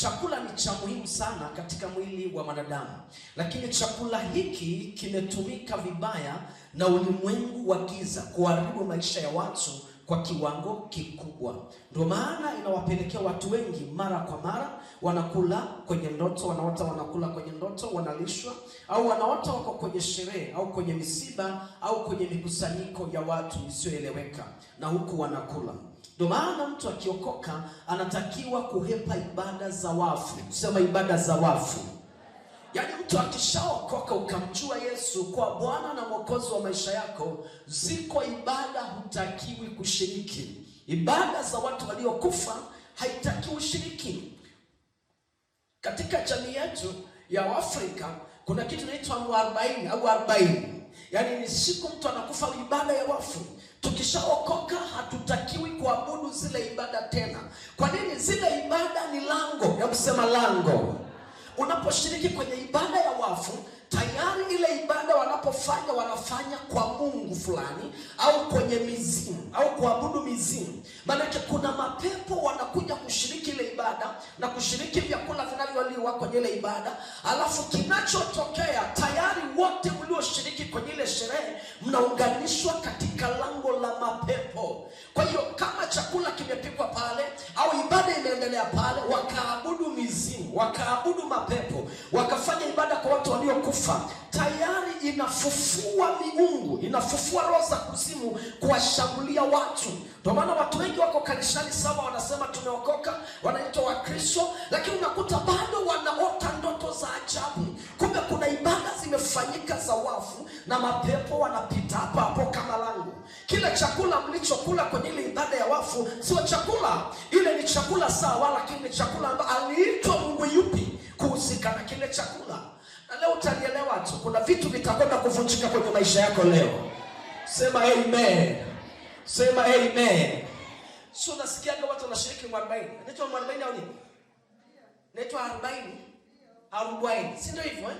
Chakula ni cha muhimu sana katika mwili wa mwanadamu, lakini chakula hiki kimetumika vibaya na ulimwengu wa giza kuharibu maisha ya watu kwa kiwango kikubwa. Ndio maana inawapelekea watu wengi mara kwa mara wanakula kwenye ndoto, wanaota wanakula kwenye ndoto, wanalishwa au wanaota wako kwenye sherehe au kwenye misiba au kwenye mikusanyiko ya watu isiyoeleweka, na huku wanakula. Ndio maana mtu akiokoka anatakiwa kuhepa ibada za wafu, kusema ibada za wafu Yaani mtu akishaokoka ukamjua Yesu kwa Bwana na Mwokozi wa maisha yako, ziko ibada hutakiwi kushiriki. Ibada za watu waliokufa haitaki ushiriki. Katika jamii yetu ya afrika kuna kitu inaitwa mwarobaini au arobaini, yaani ni siku mtu anakufa, ibada ya wafu. Tukishaokoka hatutakiwi kuabudu zile ibada tena. Kwa nini? Zile ibada ni lango, ya kusema lango unaposhiriki kwenye ibada ya wafu, tayari ile ibada wanapofanya wanafanya kwa mungu fulani au kwenye mizimu au kuabudu mizimu. Maanake kuna mapepo wanakuja kushiriki ile ibada na kushiriki vyakula vinavyoliwa kwenye ile ibada, alafu kinachotokea tayari wote mlioshiriki kwenye ile sherehe mnaunganishwa katika lango la mapepo. Kwa hiyo kama chakula kimepikwa pale au ibada imeendelea pale wakaabudu wakaabudu mapepo, wakafanya ibada kwa watu waliokufa. Tayari inafufua miungu, inafufua roho za kuzimu kuwashambulia watu. Ndio maana watu wengi wako kanisani sawa, wanasema tumeokoka, wanaitwa Wakristo, lakini unakuta bado wanaota ndoto za ajabu. Kumbe kuna ibada zimefanyika za wafu na mapepo wanapita hapa chakula mlichokula kwenye ile ibada ya wafu sio chakula, ile ni chakula sawa, lakini ni chakula ambayo aliitwa Mungu yupi kuhusika na kile chakula. Na leo utalielewa tu, kuna vitu vitakwenda kuvunjika kwenye maisha yako leo. Sema amen, sema amen. Sio nasikiaga watu wanashiriki mwarobaini, naitwa mwarobaini au nini? Naitwa arobaini, arobaini, si ndio hivyo eh?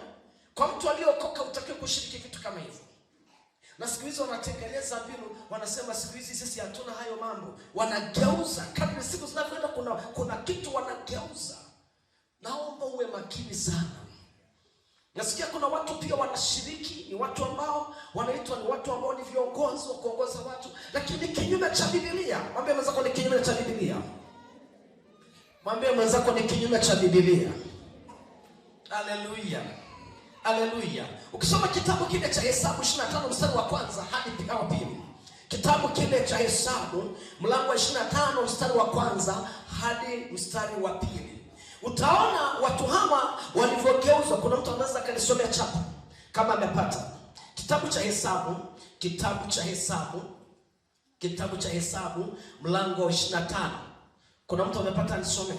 Kwa mtu aliyokoka utakiwe kushiriki vitu kama hivyo na siku hizi wanatengeneza mbinu, wanasema siku hizi sisi hatuna hayo mambo. Wanageuza kadri siku zinavyoenda, kuna kuna kitu wanageuza. Naomba uwe makini sana. Nasikia kuna watu pia wanashiriki, ni watu ambao wanaitwa ni watu ambao ni viongozi wa kuongoza watu, lakini kinyume cha Biblia. Mwambie mwenzako ni kinyume cha Biblia. Mwambie mwenzako ni kinyume cha Biblia. Haleluya, haleluya. Ukisoma kitabu kile cha Hesabu 25 mstari wa kwanza hadi wa pili, kitabu kile cha Hesabu mlango wa 25 mstari wa kwanza hadi mstari wa pili, utaona watu hawa walivyogeuzwa. Kuna mtu anaweza akanisomea chapa kama amepata kitabu cha Hesabu, kitabu cha Hesabu, kitabu cha Hesabu mlango wa 25. Kuna mtu amepata anisomee.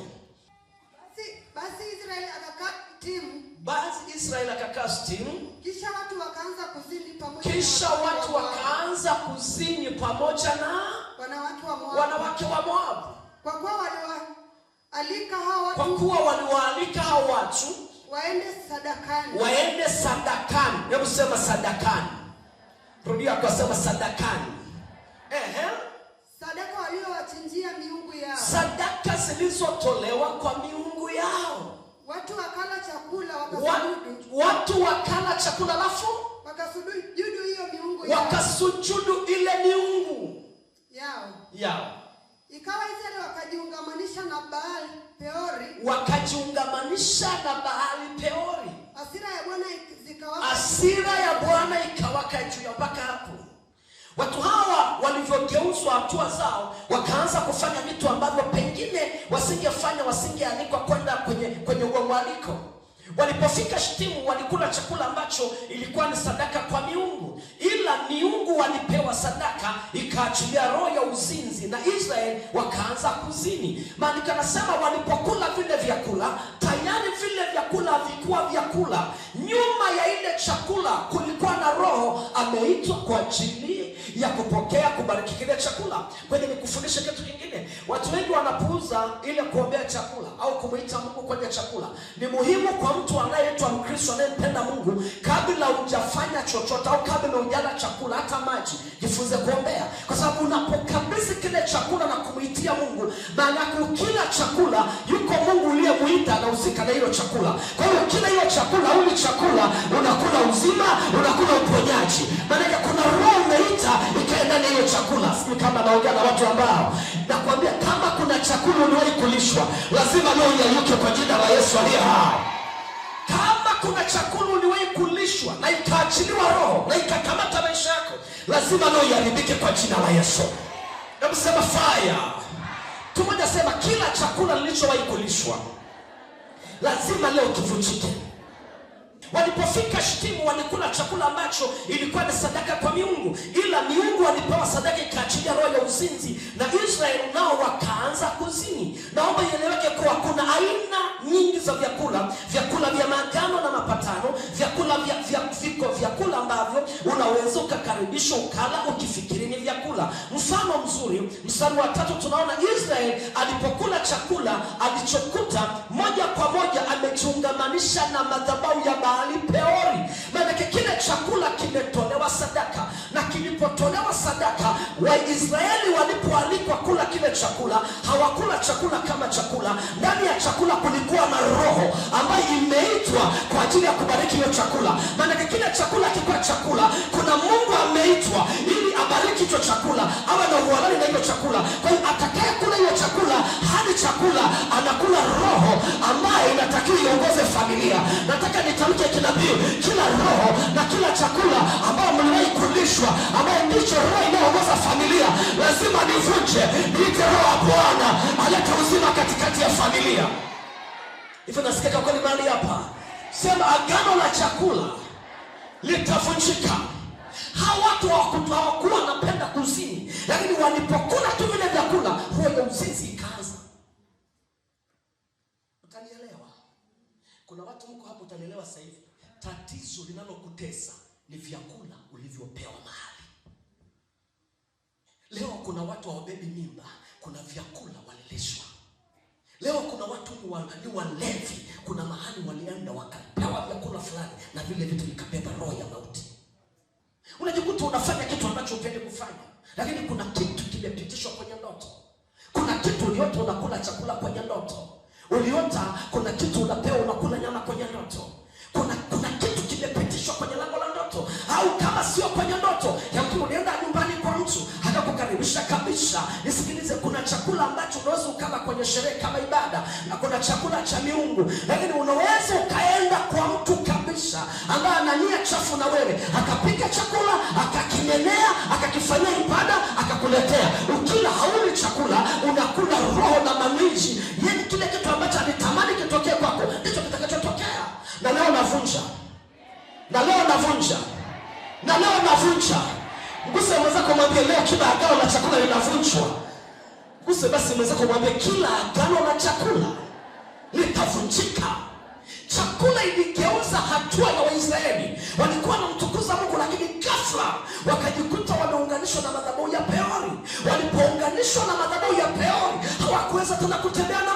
Basi, basi Israeli akakaa timu basi israel akakaa sitini. Kisha watu wakaanza kuzini pamoja, kisha watu wakaanza kuzini pamoja na wanawake wa Moabu, wanawake wa kwa kuwa waliwaalika hao watu, kwa kuwa waliwaalika hao watu waende sadakani, waende sadakani. Hebu sema sadakani, rudia kwa sema sadakani. sadaka miungu yao, sadaka zilizotolewa kwa miungu yao. Watu wakala chakula watu wakala chakula lafu wakasujudu ile miungu yao yao. Ikawa Israeli wakajiungamanisha na Baali Peori, wakajiungamanisha na Baali Peori. asira ya Bwana zikawaka, hasira ya Bwana ikawaka juu ya mpaka hapo watu hawa walivyogeuzwa hatua zao, wakaanza kufanya vitu ambavyo pengine wasingefanya, wasingeanikwa kwenda kwenye kwenye uo mwaliko. Walipofika shtimu walikula chakula ambacho ilikuwa ni sadaka kwa miungu, ila miungu walipewa sadaka ikaachilia roho ya uzinzi, na Israeli wakaanza kuzini. Maandiko anasema walipokula vile vyakula, tayari vile vyakula havikuwa vyakula, nyuma ya ile chakula kulikuwa na roho ameitwa kwa ajili ya kupokea kubariki kile chakula. kwenye nikufundishe kitu kingine, watu wengi wanapuuza ile kuombea chakula au kumwita Mungu kwenye chakula. Ni muhimu kwa mtu anayeitwa Mkristo anayempenda Mungu, kabla hujafanya chochote au kabla hujala chakula hata maji, jifunze kuombea, kwa sababu unapokabidhi kile chakula na kumwitia Mungu, maana ukila chakula yuko Mungu uliyekuita anahusika na hilo chakula. Kwa hiyo kila hilo chakula, uli chakula unakula uzima, unakula uponyaji. Maanake kuna roho umeita ikaenda na hilo chakula. Sijui kama naongea na watu ambao nakwambia, kama kuna chakula uliwahi kulishwa, lazima roho iayuke kwa jina la Yesu aliye hao Kama kuna chakula uliwahi kulishwa na ikaachiliwa roho na ikakamata maisha yako, lazima roho iharibike kwa jina la Yesu. Hebu sema fire. Mtu mmoja kila chakula nilichowahi kulishwa lazima leo kivunjike. Walipofika shtimu walikula chakula ambacho ilikuwa ni sadaka kwa miungu, ila miungu walipewa sadaka ikaachilia roho ya uzinzi, na Israeli nao wakaanza kuzini. Naomba ieleweke kuwa kuna aina nyingi za vyakula, vyakula vya maagano na mapatano, vyakula vya, vya, vya unaweza ukakaribisha ukala ukifikiri ni vyakula. Mfano mzuri, mstari wa tatu tunaona Israeli alipokula chakula alichokuta, moja kwa moja amechungamanisha na madhabahu ya Baali Peori. Maanake kile chakula kimetolewa sadaka, na kilipotolewa sadaka Waisraeli walipoalikwa kula kile chakula, hawakula chakula kama chakula. Ndani ya chakula kulikuwa na roho ambayo imeitwa kwa ajili ya kubariki hiyo chakula. Maanake kile chakula kikuwa chakula, kuna Mungu ameitwa ili abariki hicho chakula, awe na uhalali na hiyo chakula. Kwa hiyo atakaye kula hiyo chakula hadi chakula, anakula roho ambayo inatakiwa iongoze familia. Nataka nitamke kinabii, kila roho na kila chakula ambayo mliwahi kuunganishwa, ambaye ndicho roho inayoongoza familia, lazima nivunje, niite roho wa Bwana alete uzima katikati ya familia. Hivyo nasikika kweli mahali hapa, sema agano la chakula litavunjika. Hawa watu hawakuwa wanapenda kuzini, lakini walipokula tu vile vyakula, roho ya uzinzi ikaanza. utanielewa Kuna watu mko hapo, utanielewa sasa hivi. Tatizo linalokutesa ni vyakula ulivyopewa mahali. Leo kuna watu hawabebi mimba, kuna vyakula walilishwa. Leo kuna watu ni walevi, kuna mahali walienda wakapewa vyakula fulani, na vile vitu vikabeba roho ya mauti. Unajikuta unafanya kitu ambacho upende kufanya, lakini kuna kitu kimepitishwa kwenye ndoto. Kuna kitu uliota unakula chakula kwenye ndoto, uliota kuna kitu unapewa unakula nyama kwenye ndoto sio kwenye ndoto yakuwa unaenda nyumbani kwa mtu akakukaribisha kabisa. Nisikilize, kuna chakula ambacho unaweza ukala kwenye sherehe kama ibada, na kuna chakula cha miungu, lakini unaweza ukaenda kwa mtu kabisa ambaye ananyia chafu na wewe, akapika chakula akakinenea mwambie leo kila agano la chakula linavunjwa. Guse basi mwenzako mwambie kila agano la chakula litavunjika. Chakula iligeuza hatua ya Waisraeli, walikuwa wanamtukuza Mungu, lakini kafla wakajikuta wameunganishwa na madhabau ya Peori. Walipounganishwa na madhabau ya Peori, hawakuweza tena kutembea na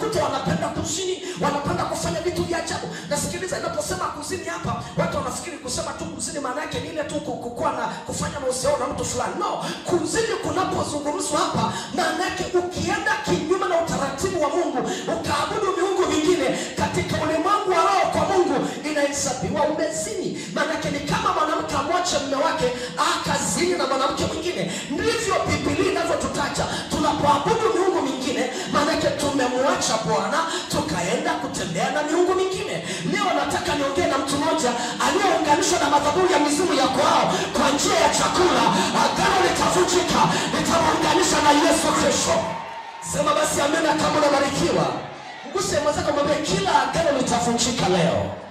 unakuta wanapenda kuzini, wanapenda kufanya vitu vya ajabu. Nasikiliza, inaposema kuzini hapa, watu wanafikiri kusema tu kuzini maana yake ni ile tu kukua na kufanya mahusiano na mtu fulani. No, kuzini kunapozungumzwa hapa, maana yake ukienda kinyume na utaratibu wa Mungu ukaabudu miungu mingine katika ulimwengu wa roho kwa Mungu, inahesabiwa umezini. Maana yake ni kama mwanamke amwache mume wake aka kumwonyesha Bwana, tukaenda kutembea na miungu mingine. Leo nataka niongee na mtu mmoja aliyeunganishwa na madhabahu ya mizimu ya kwao kwa njia ya chakula. Agano litavunjika, litaunganisha na Yesu Kristo. Sema basi amena kama unabarikiwa. Mguse mwenzako, mwambie kila agano litavunjika leo.